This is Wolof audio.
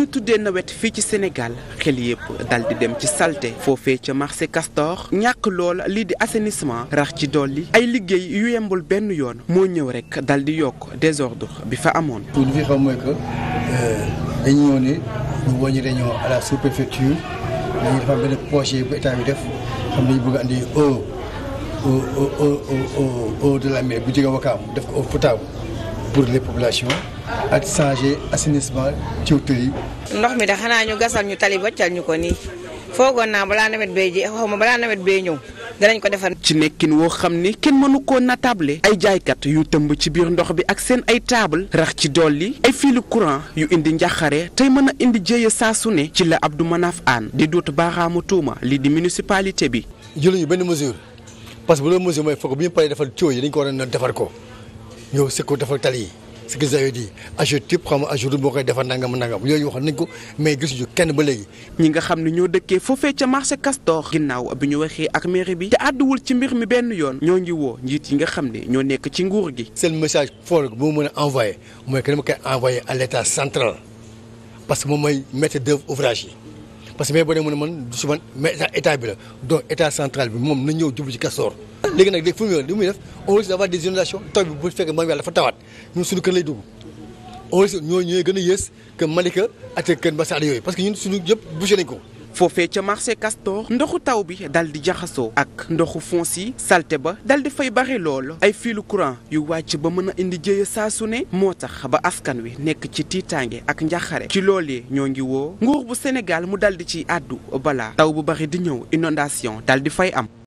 ñu tuddee nawet fii ci Sénégal xel yëpp dal di dem ci salte foofee ca marché Castor ñàkk lool lii di assainissement rax ci dolli ay liggéey yu yembul benn yoon moo ñëw rek dal di yokk désordre bi fa amoon. li fi xam mooy que euh, dañu ñëw ne ñu wàññi réunion à la sous-préfecture dañuy defar benn projet bu état bi def xam ne ñu bëgg andi eau eau eau eau de la mer bu jóge Wakaam def ko eau potable. pour les populations ak changer assainissement ci tëli ndox mi da xanaa ñu gasal ñu tali boccal ñu ko nii foogoon naa balaa nawet bee ji xaw ma balaa nawet bee ñëw danañ ko defar. ci nekkin woo xam ni kenn mënu koo natable ay jaaykat yu tëmb ci biir ndox bi ak seen ay taabal rax ci dolli ay fiilu courant yu indi njaxare tey mën a indi jéeya saa su ne ci la Abdou Manaf Anne di dootu baaraamu tuuma lii di municipalité bi. jëluñu benn mesure parce que bu loolu mesure mooy foog bi ñu paree defal tuyau yi dañ ko war a defar ko. ñëw sëg ko defal tali yi ce qu'ils avaient dit AGETIP xam nga AGEROUTE moo koy defar nangam nangam yooyu wax nañ ko mais gisuñu kenn ba léegi. ñi nga xam ne ñoo dëkkee foofee ca marché Castor. ginnaaw bi ñu waxee ak mairie bi. te àdduwul ci mbir mi benn yoon. ñoo ngi woo njiit yi nga xam ne ñoo nekk ci nguur gi. seen message fort bi mu mën a envoyé mooy que ma koy envoyé à l' central parce que moom mooy maître d'œuvre ouvrage yi. parce que mais boo dee mën a man du si man mais état bi la donc état central bi moom na ñëw jublu ci Castor léegi nag léegi fu mu li muy def on risque d'avoir taw bi bu fekkee man yàlla dafa tawaat ñun suñu kër lay dugg on risque ñooy gën a yées que Malika Kër Massar yooyu parce que ñun suñu yëpp bouché nañ ko foofee ca marché Castor ndoxu taw bi dal di jaxasoo ak ndoxu fons yi salte ba dal di fay bare lool ay fiilu courant yu wàcc ba mën a indi jëye saa su ne moo tax ba askan wi nekk ci tiitaange ak njaxare ci loolee ñoo ngi woo nguur bu Sénégal mu dal di ci àddu balaa taw bu bari di ñëw inondation dal di fay am